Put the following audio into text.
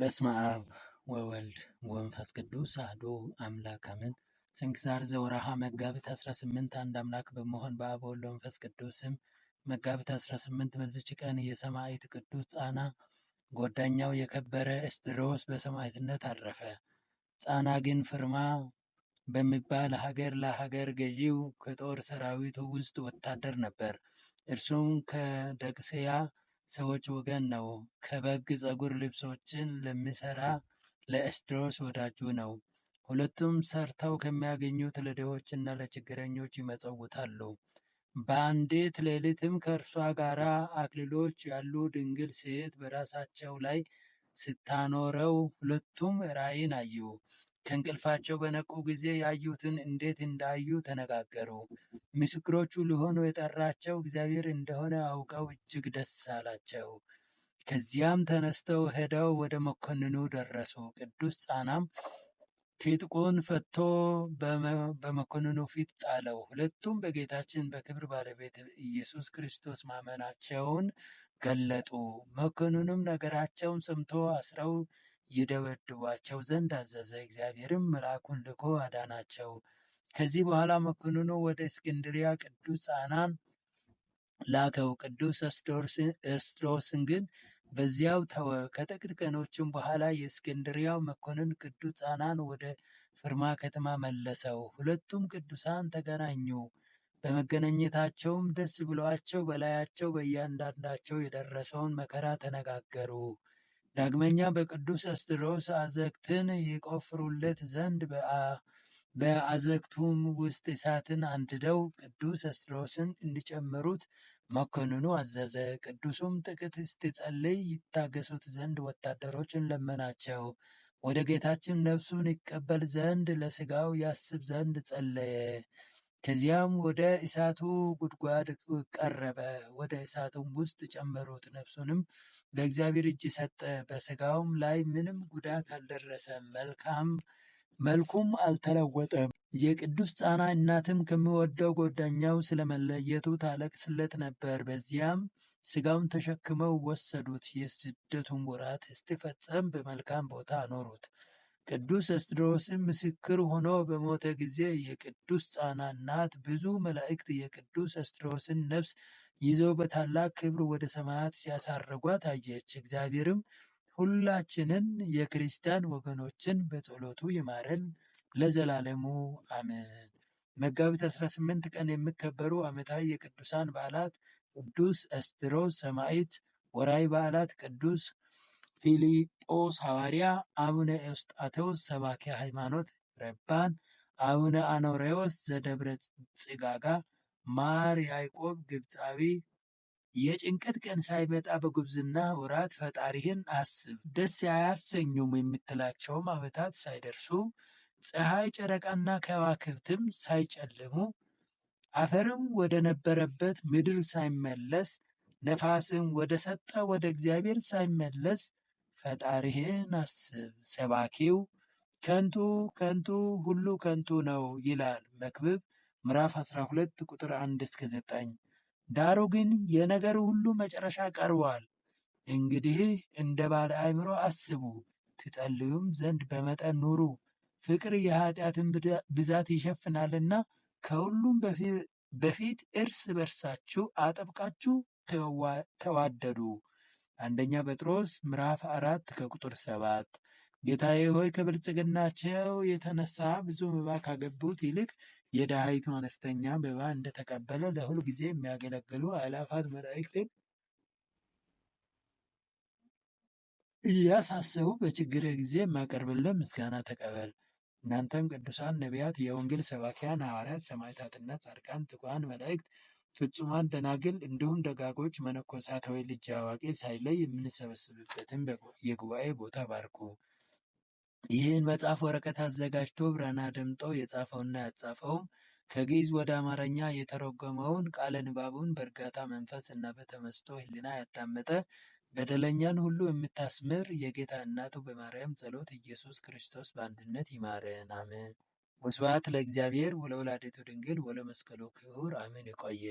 በስመ አብ ወወልድ ወመንፈስ ቅዱስ አሐዱ አምላክ አሜን። ስንክሳር ዘወርኃ መጋቢት 18 አንድ አምላክ በመሆን በአብ ወወልድ ወመንፈስ ቅዱስ መጋቢት 18 በዚች ቀን የሰማዕት ቅዱስ ፃና ጓደኛው የከበረ እስድሮስ በሰማዕትነት አረፈ። ፃና ግን ፍርማ በሚባል ሀገር ለሀገር ገዢው ከጦር ሰራዊቱ ውስጥ ወታደር ነበር። እርሱም ከደቅስያ ሰዎች ወገን ነው። ከበግ ፀጉር ልብሶችን ለሚሰራ ለኤስድሮስ ወዳጁ ነው። ሁለቱም ሰርተው ከሚያገኙት ለድሆችና ለችግረኞች ይመጸውታሉ። በአንዲት ሌሊትም ከእርሷ ጋር አክሊሎች ያሉ ድንግል ሴት በራሳቸው ላይ ስታኖረው ሁለቱም ራእይን አዩ። ከእንቅልፋቸው በነቁ ጊዜ ያዩትን እንዴት እንዳዩ ተነጋገሩ። ምስክሮቹ ሊሆኑ የጠራቸው እግዚአብሔር እንደሆነ አውቀው እጅግ ደስ አላቸው። ከዚያም ተነስተው ሄደው ወደ መኮንኑ ደረሱ። ቅዱስ ጻናም ቴጥቆን ፈቶ በመኮንኑ ፊት ጣለው። ሁለቱም በጌታችን በክብር ባለቤት ኢየሱስ ክርስቶስ ማመናቸውን ገለጡ። መኮንኑም ነገራቸውን ሰምቶ አስረው ይደበድቧቸው ዘንድ አዘዘ። እግዚአብሔርም መልአኩን ልኮ አዳናቸው። ከዚህ በኋላ መኮንኑ ወደ እስክንድሪያ ቅዱስ ጻናን ላከው። ቅዱስ እርስድሮስን ግን በዚያው ተወ። ከጥቂት ቀኖችም በኋላ የእስክንድሪያው መኮንን ቅዱስ ጻናን ወደ ፍርማ ከተማ መለሰው። ሁለቱም ቅዱሳን ተገናኙ። በመገናኘታቸውም ደስ ብሏቸው በላያቸው በእያንዳንዳቸው የደረሰውን መከራ ተነጋገሩ። ዳግመኛ በቅዱስ እስድሮስ አዘግትን ይቆፍሩለት ዘንድ በአዘግቱም ውስጥ እሳትን አንድደው ቅዱስ እስድሮስን እንዲጨምሩት መኮንኑ አዘዘ። ቅዱሱም ጥቂት እስኪጸልይ ይታገሱት ዘንድ ወታደሮችን ለመናቸው። ወደ ጌታችን ነፍሱን ይቀበል ዘንድ ለስጋው ያስብ ዘንድ ጸለየ። ከዚያም ወደ እሳቱ ጉድጓድ ቀረበ፣ ወደ እሳቱም ውስጥ ጨመሩት። ነፍሱንም በእግዚአብሔር እጅ ሰጠ፣ በስጋውም ላይ ምንም ጉዳት አልደረሰም፣ መልኩም አልተለወጠም። የቅዱስ ጻና እናትም ከሚወደው ጓደኛው ስለመለየቱ ታለቅስለት ነበር። በዚያም ስጋውን ተሸክመው ወሰዱት። የስደቱን ወራት እስቲፈጸም በመልካም ቦታ አኖሩት። ቅዱስ እስድሮስም ምስክር ሆኖ በሞተ ጊዜ የቅዱስ ፃና እናት ብዙ መላእክት የቅዱስ እስድሮስን ነፍስ ይዘው በታላቅ ክብር ወደ ሰማያት ሲያሳርጓት አየች። እግዚአብሔርም ሁላችንን የክርስቲያን ወገኖችን በጸሎቱ ይማረን ለዘላለሙ አሜን። መጋቢት 18 ቀን የሚከበሩ ዓመታዊ የቅዱሳን በዓላት፦ ቅዱስ እስድሮስ ሰማዕት። ወርኃዊ በዓላት፦ ቅዱስ ፊልጶስ ሐዋርያ፣ አቡነ ኤውስጣቴዎስ ሰባኪ ሃይማኖት ረባን፣ አቡነ አኖሬዎስ ዘደብረ ጽጋጋ፣ ማር ያዕቆብ ግብፃዊ የጭንቀት ቀን ሳይመጣ በጉብዝና ወራት ፈጣሪህን አስብ፣ ደስ አያሰኙም የምትላቸውም ዓመታት ሳይደርሱ ፀሐይ ጨረቃና ከዋክብትም ሳይጨልሙ አፈርም ወደ ነበረበት ምድር ሳይመለስ ነፋስም ወደ ሰጠ ወደ እግዚአብሔር ሳይመለስ ፈጣሪህን አስብ። ሰባኪው ከንቱ ከንቱ ሁሉ ከንቱ ነው ይላል መክብብ ምዕራፍ 12 ቁጥር 1 እስከ 9። ዳሩ ግን የነገሩ ሁሉ መጨረሻ ቀርቧል። እንግዲህ እንደ ባለ አእምሮ አስቡ፣ ትጸልዩም ዘንድ በመጠን ኑሩ። ፍቅር የኃጢአትን ብዛት ይሸፍናልና ከሁሉም በፊት እርስ በርሳችሁ አጥብቃችሁ ተዋደዱ። አንደኛ ጴጥሮስ ምዕራፍ አራት ከቁጥር ሰባት ጌታዬ ሆይ ከብልጽግናቸው የተነሳ ብዙ መባ ካገቡት ይልቅ የድሃይቱ አነስተኛ መባ እንደተቀበለ ለሁል ጊዜ የሚያገለግሉ አእላፋት መላእክትን እያሳሰቡ በችግር ጊዜ የማቀርብልን ምስጋና ተቀበል። እናንተም ቅዱሳን ነቢያት፣ የወንጌል ሰባኪያን ሐዋርያት፣ ሰማዕታትና ጻድቃን፣ ትጉሃን መላእክት ፍጹማን ደናግል እንዲሁም ደጋጎች መነኮሳት ወይ ልጅ አዋቂ ሳይለይ የምንሰበስብበትን የጉባኤ ቦታ ባርኩ። ይህን መጽሐፍ ወረቀት አዘጋጅቶ ብራና ደምጠው የጻፈውና ያጻፈውም ከግዕዝ ወደ አማርኛ የተረጎመውን ቃለ ንባቡን በእርጋታ መንፈስ እና በተመስጦ ሕሊና ያዳመጠ በደለኛን ሁሉ የምታስምር የጌታ እናቱ በማርያም ጸሎት ኢየሱስ ክርስቶስ በአንድነት ይማረን፣ አሜን። ወስብሐት ለእግዚአብሔር ወለወላዲቱ ድንግል ወለመስቀሉ ክቡር አሜን። ይቆየ